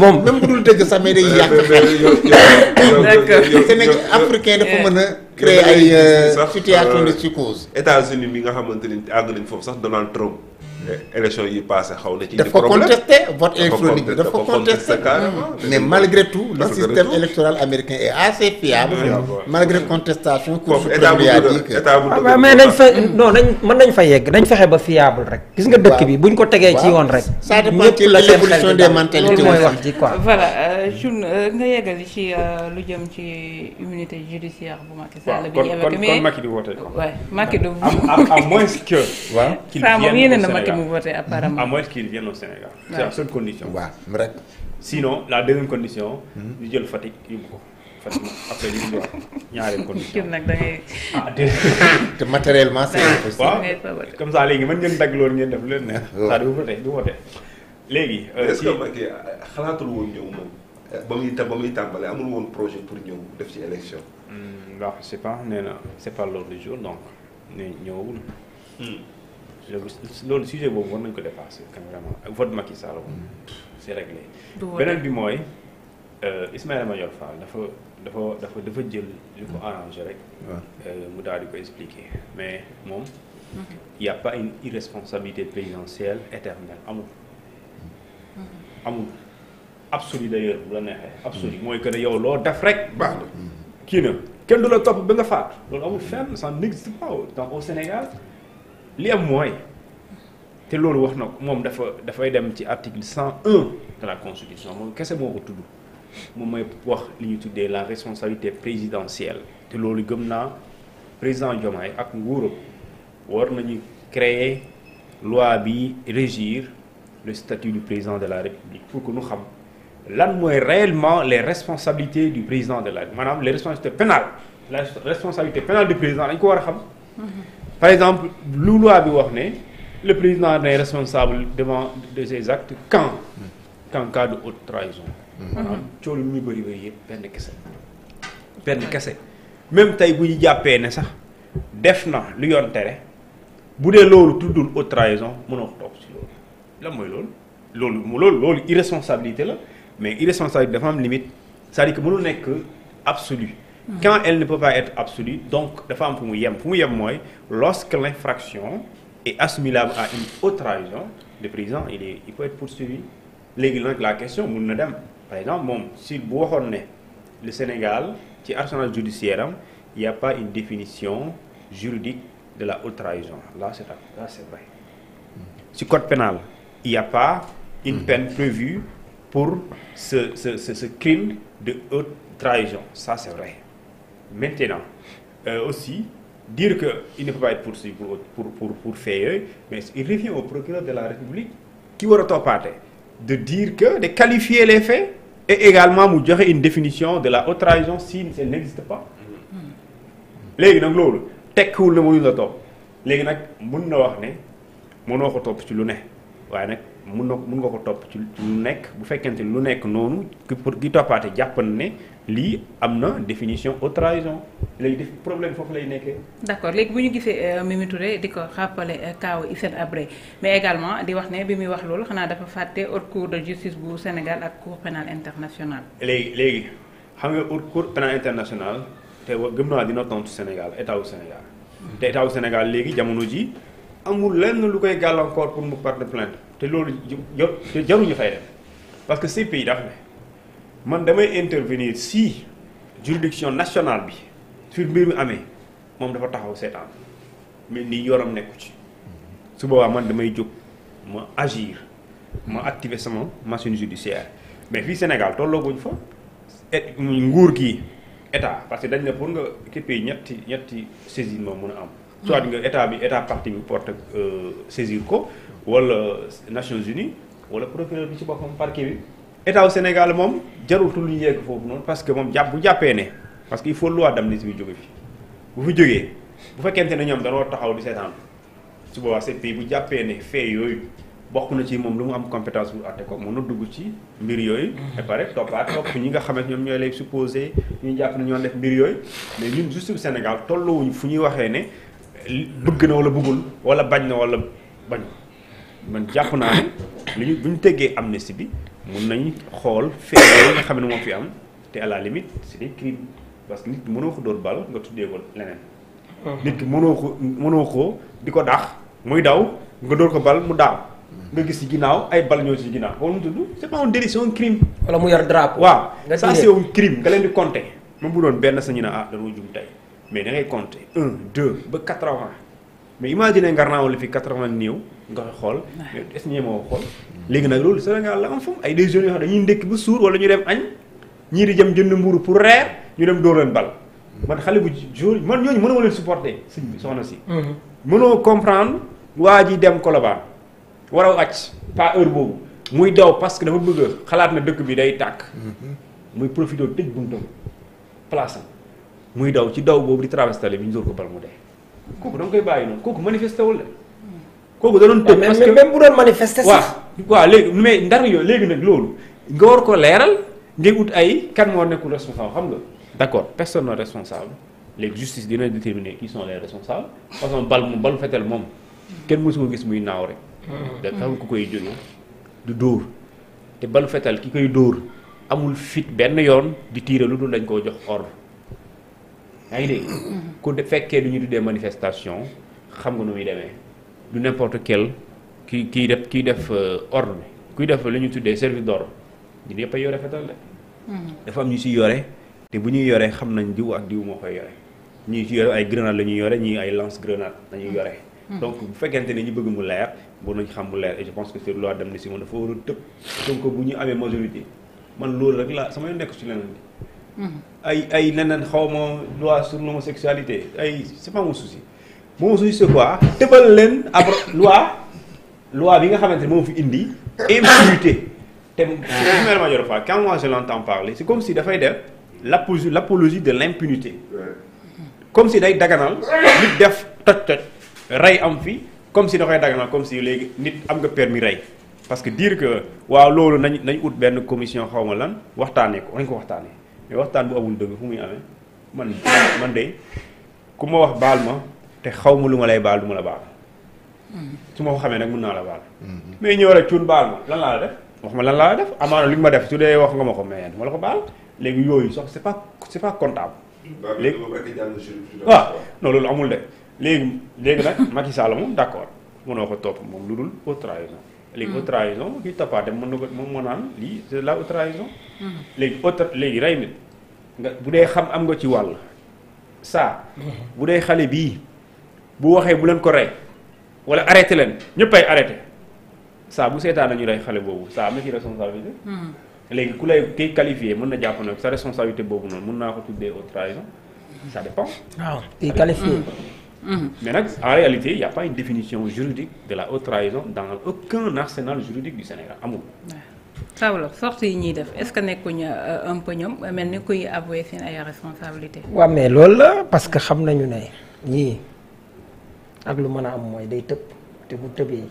moom même bu dul dëgg sax mais day yàq. d'accord te nekk africain dafa mën a. créer ay situation de psychose. États-Unis mi nga xamante ni àgg nañ foofu sax Donald Trump. élection yi passé xaw na ci. indi problème dafa contesté vote électronique bi dafa contesté carrément. Hmm. mais malgré tout le système électoral américain est assez fiable. Ah, malgré contestation. cour suprême yaa ah, mais nañ fa non nañ mën nañ fa yegg nañ fexe ba fiable rek. gis nga dëkk bi buñ ko tegee ci yoon rek. ça dépend ci l'évolution des mentalités mooy wax ji quoi. voilà Thioune euh, euh, nga yeggali ci euh, lu jëm ci bu Macky Sall. bi ñu évoqué mais qui mu voté apparemment. à moins qu'il vienne au Sénégal. c'est la seule condition. waaw rek. sinon la deuxième condition. Hmm. ñu jël Fatick yóbbu ko. Fatick après li mu ñaareelu condition. te matériellement c'est impossible. waaw comme ça léegi mën ngeen dagg loolu ngeen def lu leen neex. waaw c'est-à-dire du voté du léegi. Euh, est-ce que Macky xalaatul woon ñëw moom. ba muy ba muy tàmbalee amul woon projet pour ñëw def ci élection. Hmm, waaw c'est pas nee na c'est pas l'ordre du jour donc nee ñëwagul. Hmm. loolu sujet boobu war nañu ko dépasser quand vraiment vote Macky Sall woon c'est réglé. beneen bi mooy Ismaïla Madior Fall dafa dafa dafa dafa jël li ko arrangé rek. mu daal di ko expliquer mais moom. il y a pas une irresponsabilité présidentielle éternelle amul. amul absolu d'ailleurs bu la neexee. absolu mooy mm. que mm. ne yow loo def rek ba kii na kenn du la topp ba nga faat loolu amul fenn ça n'existe pas au Sénégal. li am mooy te loolu wax na ko moom dafa dafay dem ci article 101 de la constitution moom kese moo ko tudd moom mooy wax li ñu tuddee la responsabilité présidentielle te loolu gëm naa président Diomaye ak nguuram war nañu créer loi bi régir le statut du président de la république pour que ñu xam lan mooy réellement les responsabilités du président de la maanaam les responsabilités pénales la responsabilité pénale du président dañ ko war a xam mhm. par exemple lu loi bi wax ne le président n'est responsable devant de ses actes quand qu'en cas de trahison mhm. maanaam coow bëri bëri yëpp benn kese benn kese même tey bu ñu jàppee ne sax def na lu yoon tere bu dee loolu tuddul haute trahison mënoo toog si loolu la mooy loolu loolu mu loolu loolu irresponsabilité la mais irresponsabilité dafa am limite cest à que mënul nekk absolu quand elle ne peut pas être absolue donc dafa am fu mu yem fu mu yem mooy lorsque l'infraction est assimilable à une haute trahison le président il est peut être poursuivi léegi nag la question mun na dem par exemple moom si bu waxoon le Sénégal ci arsenal judiciaire am il y a pas une définition juridique de la haute trahison là c'est là c'est vrai si code pénal il y a pas une hmm. peine prévue pour ce ce crime de haute trahison ça c'est vrai Maintenant, euh, aussi, dire que ne peut pas être pour, pour, pour, pour faire, mais il revient au procureur de la République ki war a toppaate de dire que de qualifier les faits et également mu joxe une définition de la haute trahison si elle n'existe pas léegi nag loolu tekkiwul na mënuñ la topp léegi nag mën na wax ne mënoo ko topp ci lu ne waaye nag mun na mun nga ko topp ci lu nekk bu fekkente lu nekk noonu ki pour ki toppaate jàpp na ne lii am na définition haute trahison léegi def problème foofu lay nekkee. d' accord léegi bu ñu gisee euh, Mimi Touré di ko rappelé euh, kaaw Hissène Habré mais également di wax ne bi muy wax loolu xanaa dafa fàtte haute cour de justice bu Sénégal ak cour pénale internationale. léegi léegi xam nga haute cour pénale internationale te gëm naa dina tontu Sénégal état wu Sénégal. te Sénégal léegi jamono ji amul lenn lu koy gàllankoor pour mu porter plainte te loolu yëpp jaruñu fay dem parce que CPI daf ne man damay intervenir si juridiction nationale bi fi mbir mi amee moom dafa taxaw seetaan mais nii yoram nekku ci su boobaa man damay jóg ma agir ma activer sama machine judiciaire mais fii Sénégal tollooguñ fa nguur gi état parce que dañ ne pour nga képpee ñetti ñetti saisine moom mën a am soit nga état bi état parti bi porte euh, saisir ko wala Nations Unies wala procureur bi ci boppam parquet bi état wu Sénégal moom jarutul ñu yegg foofu noonu parce que moom jàpp bu jàppee ne parce que il faut loi d'amnistie bi jóge fi bu fi jógee bu fekkente ne ñoom danoo taxaw di seetaan su boobaa seen pays bu jàppee ne fee yooyu bokk na ci moom lu mu am compétence bu àtte ko mën na dugg ci mbir yooyu. ba mm-hmm. pare toppaat topp ñi nga xam ne ñoom ñooy lay supposé ñu jàpp ne ñoo def mbir yooyu mais ñun justice Sénégal tolluwuñ fu ñuy waxee ne. bëgg na wala bëggul wala bañ na wala bañ man jàpp naa ne bu ñu bu am ne si bi mun nañ xool feebar nga xam ne moo fi am te à la limite c'est des parce que nit ki ko dóor bal nga tuddee ko leneen. Ah. nit ki mënoo ko mënoo ko di ko daax muy daw nga dóor ko bal mu daaw. nga gis ci ginnaaw ay bal ñoo ci ginnaaw wala mu tudd c'est pas un délit c'est wala mu yor drapeau. waaw ça c'est un crime nga leen di compter. mu bu doon benn sañu ne a ah, dañoo jum tey. mais dangay ngay un deux ba quatre-vingts mais imagine nga naaw la fi quatre-vingts néew nga xool mais est-ce léegi nag loolu Sénégal la am ay des jeunes yoo dañuy ndékki bu suur wala ñu dem añ ñii di jëm jënd mburu pour reer ñu dem dóor leen bal man xale bu jour man ñooñu mënuma leen supporter sëñ bi soxna si mm-hmm. mënoo comprendre waa ji dem Colobane war a wàcc pas heure boobu muy daw parce que dafa bëgg xalaat na dëkk bi day tàkk mm-hmm. muy profité tëj buntam place muy daw ci daw boobu di traversé tali bi ñu dóor ko bal mu de kooku da koy bàyyi noonu kooku manifesté wul la kooku da doon tëb parce que même bu doon manifesté sax waaw léegi mais ndar yooyu léegi nag loolu nga war ko leeral ngay ut ay kan moo nekkul responsable xam nga d'accord personne non responsable léegi justice dina déterminer qui sont les responsables parce que bal mu balu fetel moom kenn mësu gis muy naaw rek mm-hmm. da ku koy jóge du dóor te bal fetal ki koy dóor amul fit benn yoon di tiire lu dul dañ koo jox ordre yaa ngi dégg mm-hmm. ku fekkee du ñu tuddee manifestation xam nga nu muy demee du n'importe quel kii kii def kii def euh, ordre bi kuy def la ñu tuddee service d'ordre ñun yëpp a yore fetal de mm-hmm. dafa am ñu si yore te bu ñuy yore xam nañ jiw ak diw moo koy yore ñuy si yore ay grenade la ñuy yore ñii ay lance grenade lañuy yore mm-hmm. donc bu fekkente ne ñu bëgg mu leer bu nañ xam mu leer et je pense que dem loi si moom dafa war a tëb donc bu ñu amee majorité man loolu rek laa sama nekk si leneen ay ay leneen xaw ma loi sur l'homosexualité ay c'est pas mon souci mon souci c'est quoi tëbal leen ab loi loi bi nga xamante ne moom fi indi impunité te Ismaïla Madior Fall quand moi je l'entends parler c'est comme si dafay def l'apologie l'apologie de l'impunité comme si day daganal nit def toj toj rey am fi comme si dafay koy daganal comme si léegi nit am nga permis rey parce que dire que waaw loolu nañ nañ ut benn commission xaw ma lan waxtaanee ko nañ ko waxtaanee mais waxtaan bu amul dëgg fu muy amee man man de ku ma wax baal ma te xaw ma lu ma lay baal du ma la baal hmm. su ma ko xamee nag mun naa la baal hmm. mais ñëw rek cuun baal ma lan laa la def wax ma lan laa la def amaana li ma def su dee wax nga ma ko may du ma ko baal léegi yooyu sax c'est pas c'est pas comptable léegi waaw ah, non amul de léegi léegi nag Macky Sall moom d'accord mënoo ko topp moom lu dul au trahison léegi haute trahison kii Tapha Dem mën na ko moom moo naan lii c'est la haute trahison. léegi haute léegi rey nit nga bu dee xam am nga ci wàll saa. bu dee xale bii bu waxee bu leen ko rey wala arrêté leen ñëppay arrêté saa bu seetaan nañu rey xale boobu saa am na ci responsabilité. Hmm. léegi ku lay kiy qualifié mën na jàpp nag sa responsabilité boobu noonu mën naa ko tuddee haute trahison ça dépend. waaw kiy qualifié. Hmm. Mm-hmm. mais nag en réalité il n'y a pas une définition juridique de la haute trahison dans aucun arsenal juridique du Sénégal amul. Sabula sorte yi ñuy def est-ce que nekkuñu euh, un mel ni kuy avouer seen ay responsabilité waaw mais lool la parce que xam nañu ne ñii ak lu mën a am mooy day tëb te bu tëbee